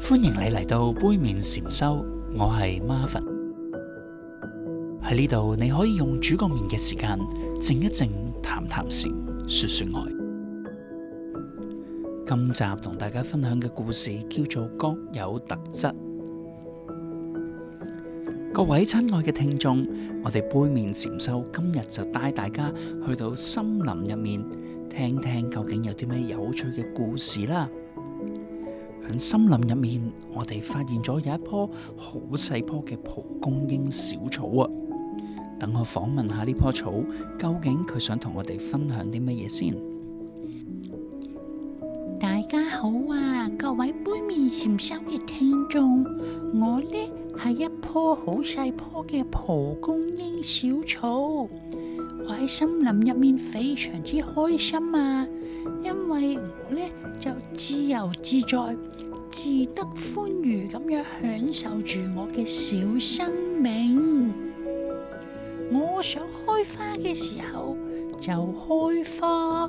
歡迎你嚟到杯麵禪修，我係 Marvin。喺呢度，你可以用煮個麵嘅時間靜一靜，談談禪，說說愛。今集同大家分享嘅故事叫做各有特質。各位親愛嘅聽眾，我哋杯麵禪修今日就帶大家去到森林入面，聽聽究竟有啲咩有趣嘅故事啦。喺森林入面，我哋發現咗有一棵好細棵嘅蒲公英小草啊！等我訪問下呢棵草，究竟佢想同我哋分享啲乜嘢先？大家好啊，各位杯麵禪修嘅聽眾，我呢係一棵好細棵嘅蒲公英小草。我喺森林入面非常之開心啊，因為我呢就自由自在、自得歡愉咁樣享受住我嘅小生命。我想開花嘅時候就開花，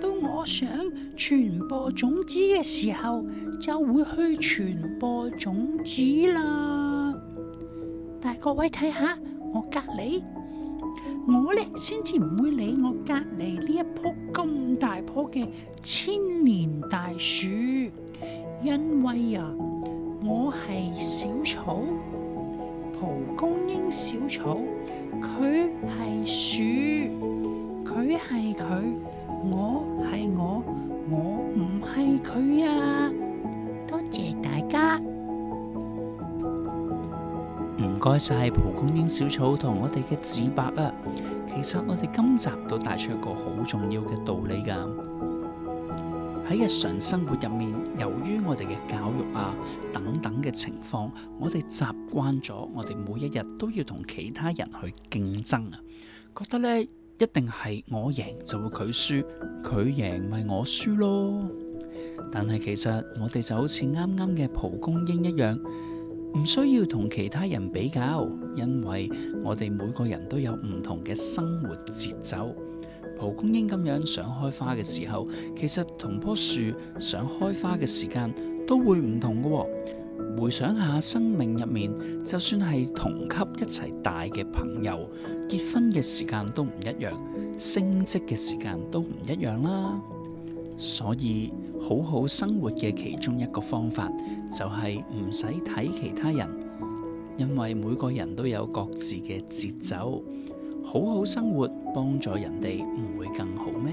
到我想傳播種子嘅時候就會去傳播種子啦。但係各位睇下我隔籬。我呢先至唔會理我隔籬呢一棵咁大棵嘅千年大樹，因為啊，我係小草，蒲公英小草，佢係樹，佢係佢，我係我，我唔係佢啊。唔該晒蒲公英小草同我哋嘅自白啊！其實我哋今集都帶出一個好重要嘅道理㗎。喺日常生活入面，由於我哋嘅教育啊等等嘅情況，我哋習慣咗我哋每一日都要同其他人去競爭啊，覺得呢，一定係我贏就會佢輸，佢贏咪我輸咯。但係其實我哋就好似啱啱嘅蒲公英一樣。唔需要同其他人比較，因為我哋每個人都有唔同嘅生活節奏。蒲公英咁樣想開花嘅時候，其實同棵樹想開花嘅時間都會唔同㗎喎。回想下生命入面，就算係同級一齊大嘅朋友，結婚嘅時間都唔一樣，升職嘅時間都唔一樣啦。所以，好好生活嘅其中一個方法，就係唔使睇其他人，因為每個人都有各自嘅節奏。好好生活，幫助人哋唔會更好咩？